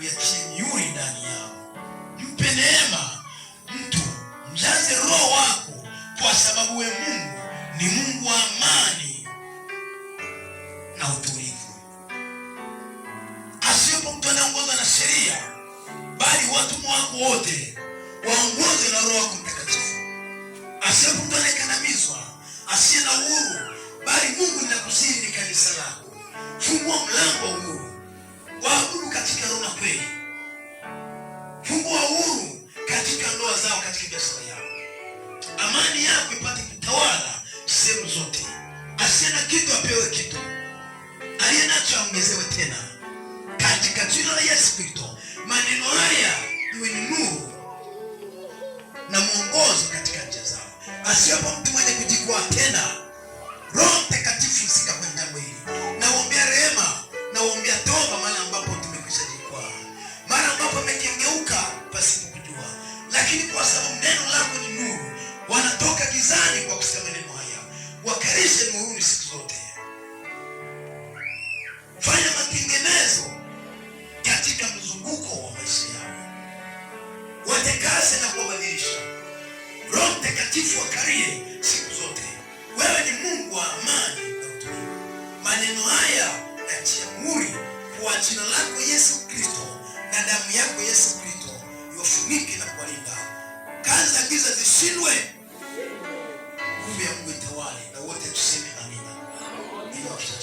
ya chinyuri ndani yao. Mpe neema mtu, mjaze roho wako, kwa sababu we Mungu ni Mungu wa amani na utulivu. Asiwepo mtu anaongozwa na sheria, bali watu wako wote waongozwe na Roho wako Mtakatifu. Asiwepo mtu anayekandamizwa, asiye na uhuru, bali Mungu ninakusiri ni kanisa lako. Fungua mlango huu waabudu katika katika sala yako, Amani yako ipate kutawala sehemu zote. Asiye na kitu apewe kitu, aliye nacho aongezewe tena, katika jina la Yesu Kristo. Maneno haya iwe ni nuru na mwongozo katika njia zao, asiwepo mtu mwenye kujikwaa tena. Roho Mtakatifu husika kwenye jambo hili, nawaombea rehema, nawaombea toba mahali ambapo lakini kwa sababu neno lako ni nuru, wanatoka gizani kwa kusema neno haya. Wakarishe nuruni siku zote. Fanya matengenezo katika mzunguko wa maisha yao, watekase na kuwabadilisha. Roho Mtakatifu wakarie siku zote. Wewe ni Mungu wa amani na utulivu. Maneno haya natia muhuri kwa jina lako Yesu Kristo na damu yako Yesu Kristo iwafunike giza zishindwe, nguvu ya Mungu itawale na wote tuseme amina.